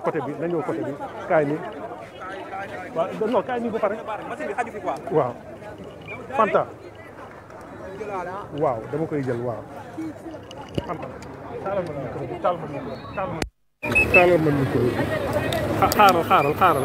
ko côté bi na ñëw côté bi kaay nii waaw non kaay nii ba pare waaw Fanta waaw dama koy jël waaw Fanta taalal ma micro bi taalal ma micro bi ah, xaaral xaaral xaaral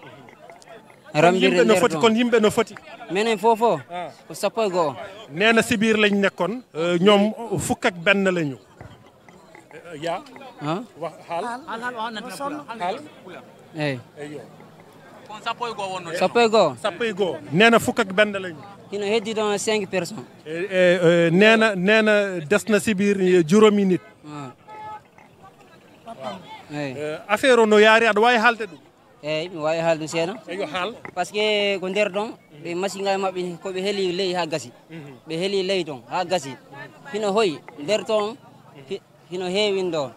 ramdire no foti kon yimɓe no foti minen foofo ko ah. sappo e goho nee na si biir lañ nekkoon euh, ñoom fukk ak benn la ñu yaa sappo e goho wonno sappo e goho sappo e na fukk benn la ñu heddi ɗon cinq personnes eh, eh, eh, nee na nee na des na si biir juróomi nit ah. no yaari aɗa waawi haalde ɗum eyyi eh, mi wawi haalde seeɗa yo hal parce que ko pues nder ɗon ɓe machine ngaji ko be heli leydi ha gasi be heli leydi don ha gasi hino hoy nder toon hino heewin ɗon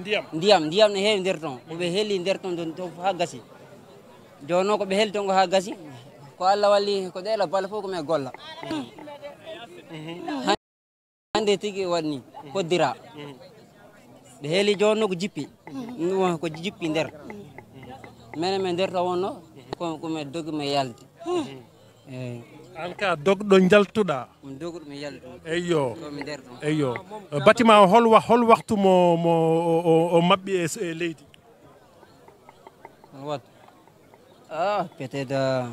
ndiyam ndiyam ndiyam ne heewi nder toon koɓe heeli nder toon ton ha gasi joni noon koɓe heeli toon ko ha gasi ko allah wali ko ɗeela balla fof komin golla hande tigui waɗni ko dira be heli jono ko jippi ko jippi der minen min ndeerta wonno komi dogi mi yalde eyi an ka dogɗo jaltuɗa dogɗo mi yalde eyyo eyyo batiment hol hol waktu mo mo o mabɓi e leydi wat ah peut être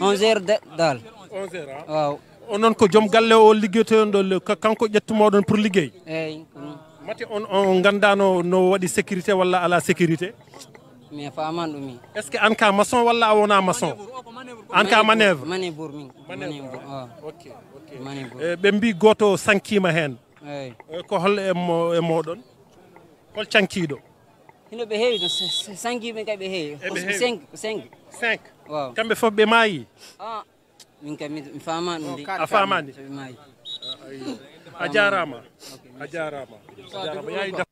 onze heure dal onze heure waaw onon ko jom galle o liggeto on ɗo kanko ƴettumoɗon pour liggey eh mati on on gandano no wadi securite wala ala securite mais e faman ɗumi est ce que an ka maçon walla a wona maçon an ka manœuvre manœuvre mi oh. ok ok manœuvre eh, ɓe mbi goto sankima hen eyi eh, ko hol emo e moɗon e hol cankiɗo hino ɓe heewi ɗo sankiɓe kay ɓe heewi e cinq cinq cinq waw kamɓe foof ɓe maayi ah, min kam mi fama ɗum oh, de a famani ɓe maayi a jarama a jarama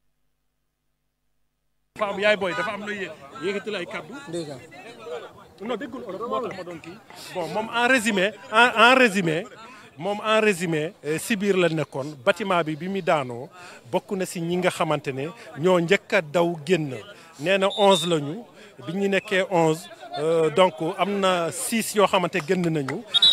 dafa am yaay booy dafa am looy yëkkati ay kaddu. déjà non déggul olof moo moom en résumé en en résumé moom en résumé euh, si biir la nekkoon bâtiment bi bi mu daanoo bokk na si ñi nga xamante ne ñoo njëkk a daw génn nee na 11 lañu bi ñu nekkee 11 euh, donc am na 6 yoo xamante génn nañu.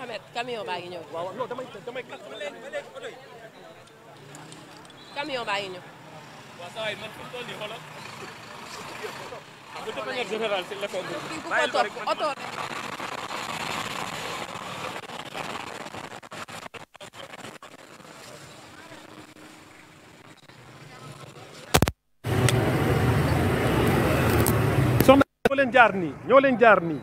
Mohamed camion baa ngi ñëw. waaw non damay damay kat ba léegi camion baa ngi ñëw. waaw saa waay man fi mu toll bu demee général si lekkoon bi. bàyyi ko rek ñoo leen jaar nii ñoo leen jaar nii.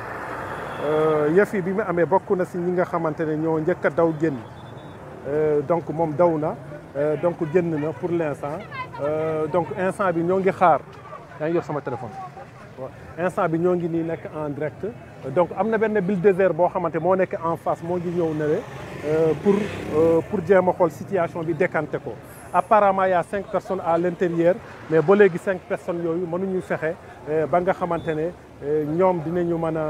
Euh, yëf yi bi mu amee bokk na si ñi nga xamante ne ñoo njëkk a daw génn euh, donc moom daw na euh, donc génn na pour l' instant donc instant bi ñoo ngi xaar yaa ngi yor sama téléphone instant bi ñoo ngi nii nekk en direct donc am na benn bulle désert boo xamante moo nekk en face moo ngi ñëw nële pour pour jéem a xool situation bi décanté ko apparemment y a cinq personnes à l'intérieur mais ba léegi cinq personnes yooyu mënuñu fexe ba nga xamante ne ñoom dinañu mën a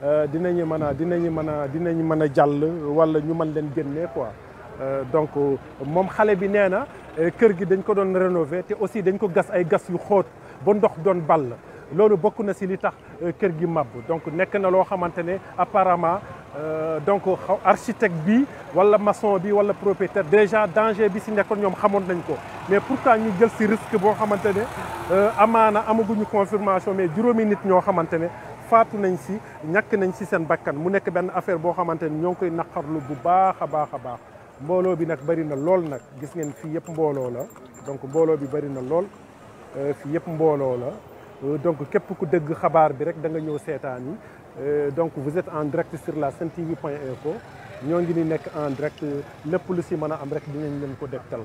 euh, dinañu mën dinañu mën dinañu mën jall wala ñu mën leen génne quoi euh donc mom xalé bi néna euh, kër gi dañ ko doon rénover té aussi dañ ko gas ay gas yu xoot bo ndox doon ball lolu bokku na ci li tax euh, kër gi màbb donc nek na lo xamante apparemment euh donc architecte bi wala maçon bi wala propriétaire déjà danger bi si nekkoon ñom xamoon nañ ko mais pourtant ñu jël ci risque boo xamante ne amaana amaguñu confirmation mais juroomi nit ño xamante faatu nañ ci ñak nañ ci seen bakkan mu nekk benn affaire boo xamante ni ñoo ngi koy naqarlu bu baax a baax a baax mbooloo bi nag bari na lool nag gis ngeen fii yëpp mbooloo la donc mbooloo bi bari na lool euh, fii yëpp mbooloo la euh, donc képp ku dégg xabaar bi rek da nga ñëw seetaan yi euh, donc vous êtes en direct sur la sen tv point info ñoo ngi ni nekk en direct lépp lu si mën a am rek dinañ leen ko dégtal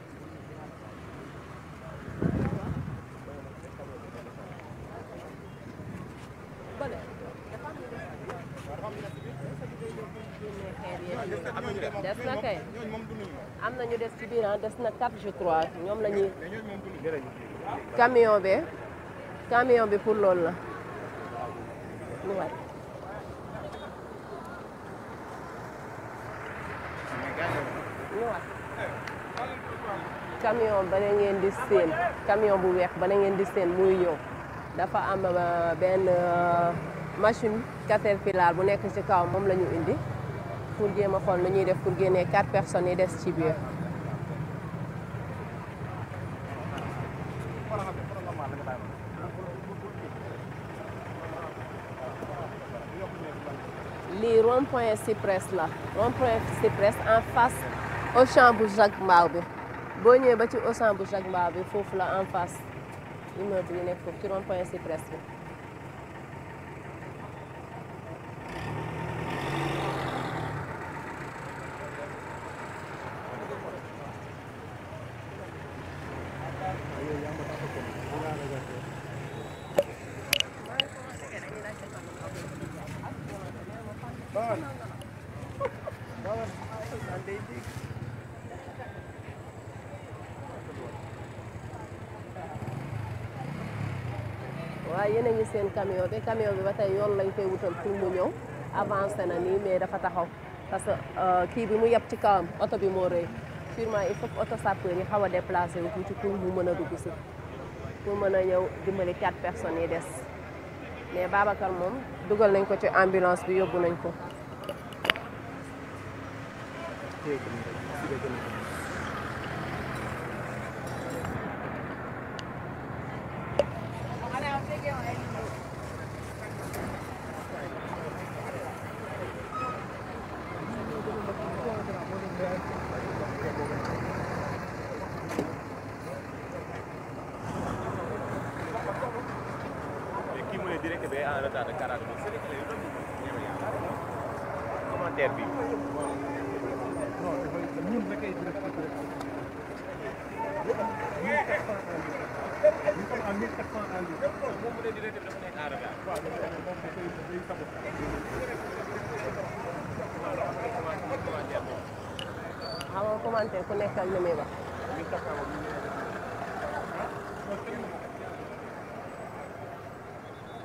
nous avons ci je ah, crois camion camion pour camion camion ba na ngeen camion bu weex ba na ah, ah, machine caterpillar bu ci kaw pour jéem a xool nu ñuy def pour génnee quatre personnes yi des ci biir. lii rond point Cyprès la rond point Cyprès en face Auchan bu Jacques Mbao bi boo ñëwee ba ci Auchan bu Jacques Mbao bi foofu la en face immeuble yi nekk foofu ci rond point Cyprès Ah, yéen yeneen yi seen camion bi camion bi ba tey yoon lañ koy wutal pour mu ñëw avancé na nii mais dafa taxaw parce que euh, kii bi mu yeb ci kawam oto bi moo rëy sûrement il faut que oto sapeur yi xaw a déplacé wu ci pour mu mën a dugg si pour mën a ñëw dimbali quatre personnes yi des mais Babacar moom dugal nañ ko ci ambulance bi yóbbu nañ ko. retard de 40 minutes sénégalais commentaire bi non dafay ñun da koy direct xam nga commentaire ku nekkal li muy wax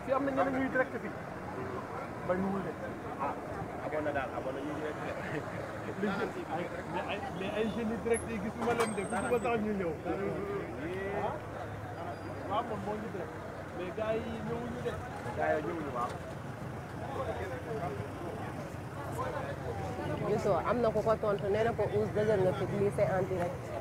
si am na ñeneen ñuy direct fii bay nuwul de abonné daal abonné ñuy direct mais ay jeunes yi direct yi gisuma leen de bu ko tax ñu ñëw waaw moom moo ñu direct mais gars yi ñëwuñu de gars yi ñëwuñu waaw gisoo am na ku ko tontu nee na ko Ousse dëgër nga fi glissé en direct